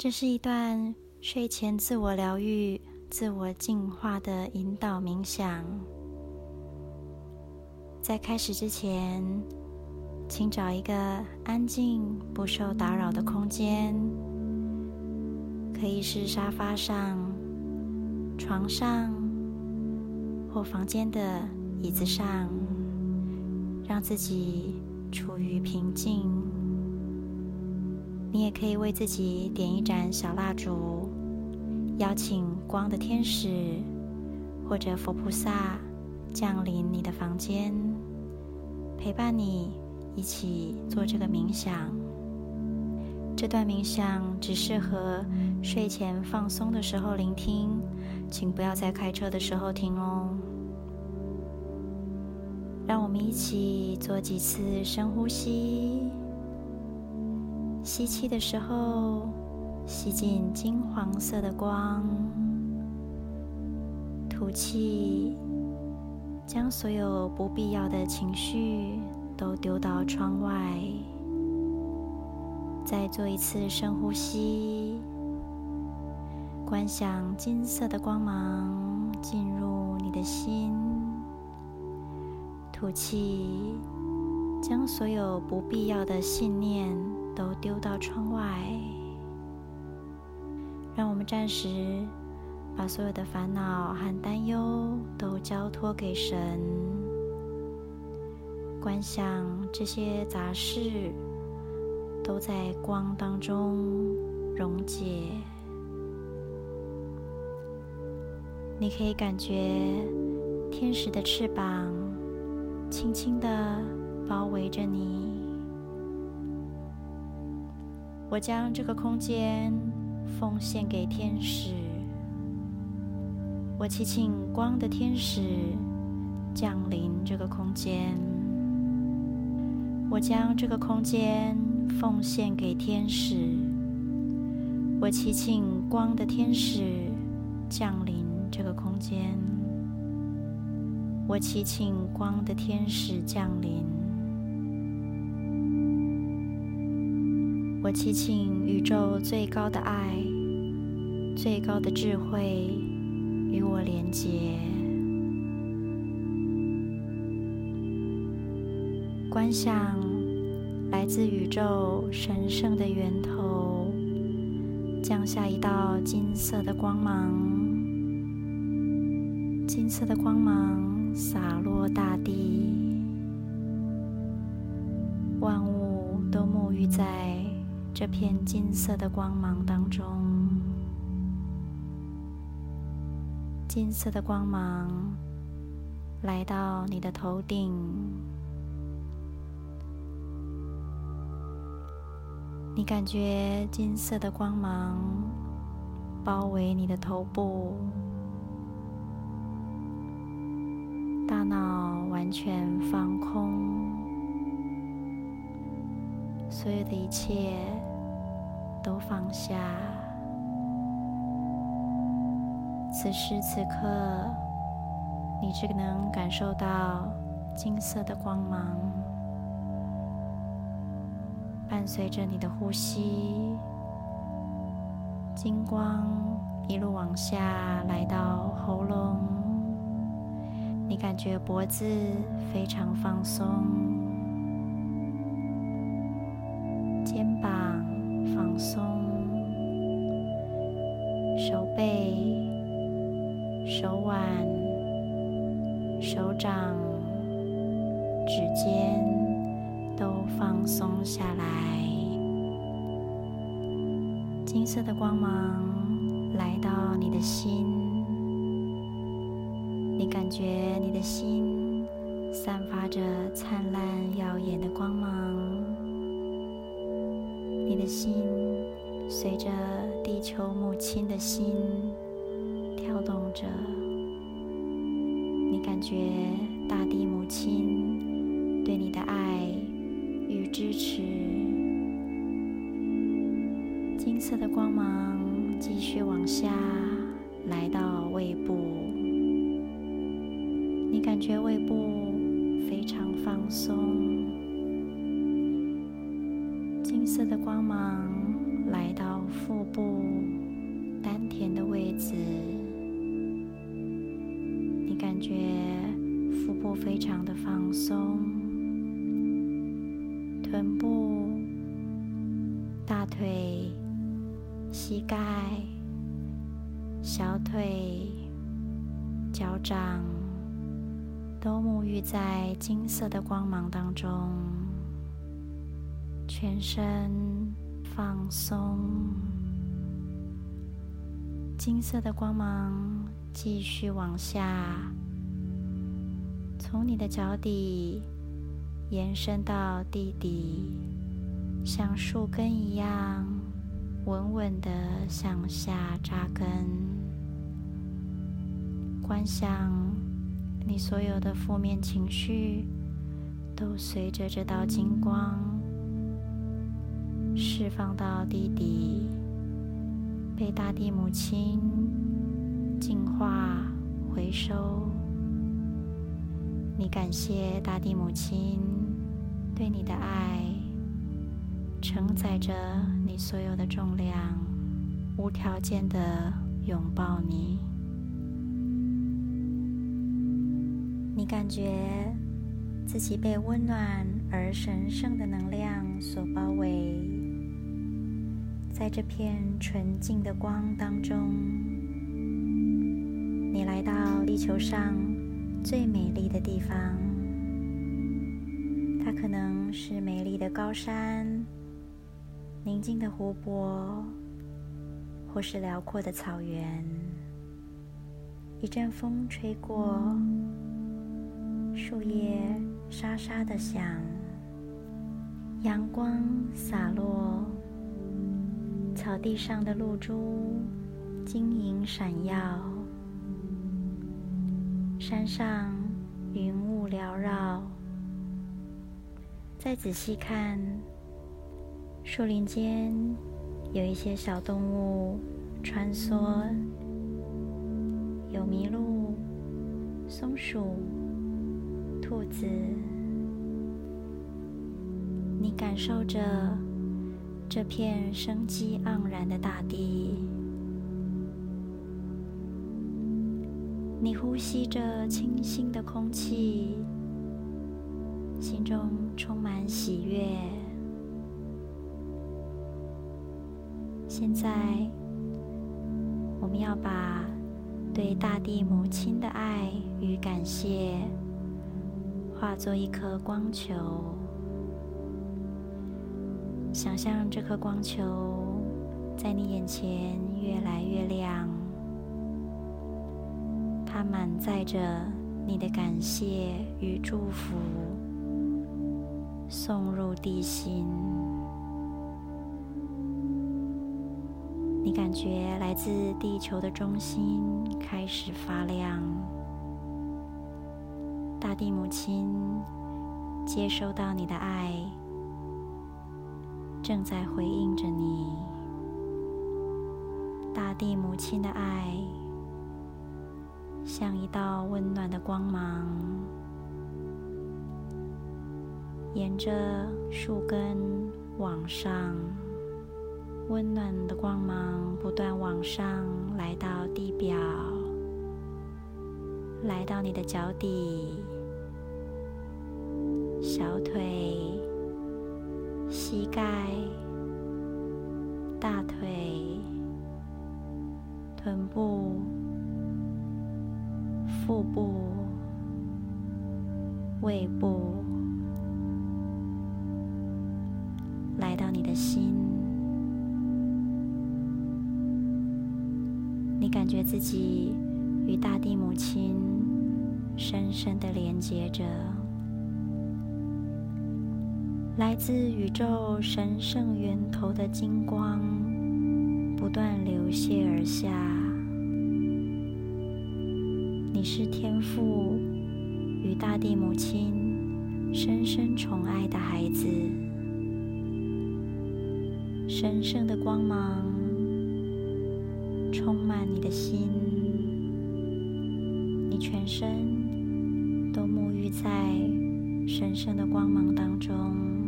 這是一段睡前自我療癒、自我進化的引導冥想。在開始之前，請找一個安靜、不受打擾的空間，可以是沙發上、床上或房間的椅子上，讓自己處於平靜。你也可以為自己點一盞小蠟燭，邀請光的天使或者佛菩薩降臨你的房間，陪伴你一起做這個冥想。這段冥想只適合睡前放鬆的時候聆聽，請不要在開車的時候聽哦。讓我們一起做幾次深呼吸。吸氣的時候，吸進金黃色的光；吐氣，將所有不必要的情緒都丟到窗外。再做一次深呼吸，觀想金色的光芒進入你的心。吐氣，將所有不必要的信念。都丟到窗外，讓我們暫時把所有的煩惱和擔憂都交托給神。觀想這些雜事都在光當中溶解。你可以感覺天使的翅膀輕輕地包圍着你。我將這個空間奉獻給天使。我祈請光的天使降臨這個空間。我將這個空間奉獻給天使。我祈請光的天使降臨這個空間。我祈請光的天使降臨。我祈請宇宙最高的愛、最高的智慧與我連結，觀想來自宇宙神聖的源頭，降下一道金色的光芒，金色的光芒灑落大地，萬物都沐浴在這片金色的光芒當中，金色的光芒來到你的頭頂，你感覺金色的光芒包圍你的頭部，大腦完全放空，所有的一切。都放下。此時此刻，你只能感受到金色的光芒，伴隨着你的呼吸，金光一路往下來到喉嚨，你感覺脖子非常放鬆。背、手腕、手掌、指尖都放鬆下來。金色的光芒來到你的心，你感覺你的心散發着燦爛耀眼的光芒，你的心。隨着地球母親的心跳動着，你感覺大地母親對你的愛與支持。金色的光芒繼續往下來到胃部，你感覺胃部非常放鬆。金色的光芒。來到腹部丹田的位置，你感覺腹部非常的放鬆，臀部、大腿、膝蓋、小腿、腳掌都沐浴在金色的光芒當中，全身。放鬆，金色的光芒繼續往下，從你的腳底延伸到地底，像樹根一樣穩穩的向下扎根。觀想你所有的負面情緒都隨着這道金光。嗯釋放到地底，被大地母親淨化、回收。你感謝大地母親對你的愛，承載着你所有的重量，無條件的擁抱你。你感覺自己被溫暖而神聖的能量所包圍。在這片純淨的光當中，你來到地球上最美麗的地方。它可能是美麗的高山、寧靜的湖泊，或是遼闊的草原。一陣風吹過，樹葉沙沙的響，陽光灑落。草地上的露珠晶瑩閃耀，山上雲霧繚繞。再仔細看，樹林間有一些小動物穿梭，有麋鹿、松鼠、兔子。你感受着。這片生機盎然的大地，你呼吸着清新的空氣，心中充滿喜悅。現在，我們要把對大地母親的愛與感謝化作一顆光球。想象這顆光球在你眼前越來越亮，它滿載着你的感謝與祝福，送入地心。你感覺來自地球的中心開始發亮，大地母親接收到你的愛。正在回應着你，大地母親的愛，像一道溫暖的光芒，沿着樹根往上，溫暖的光芒不斷往上，來到地表，來到你的腳底、小腿。膝蓋、大腿、臀部、腹部、胃部，來到你的心。你感覺自己與大地母親深深的連接着。來自宇宙神聖源頭的金光，不斷流瀉而下。你是天父與大地母親深深寵愛的孩子。神聖的光芒充滿你的心，你全身都沐浴在神聖的光芒當中。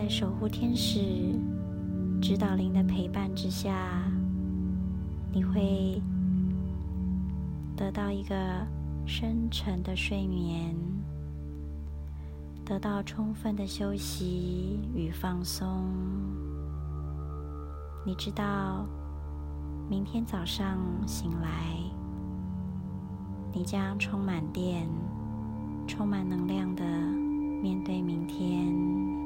在守護天使、指導靈的陪伴之下，你會得到一個深沉的睡眠，得到充分的休息與放鬆。你知道，明天早上醒來，你將充滿電、充滿能量地面對明天。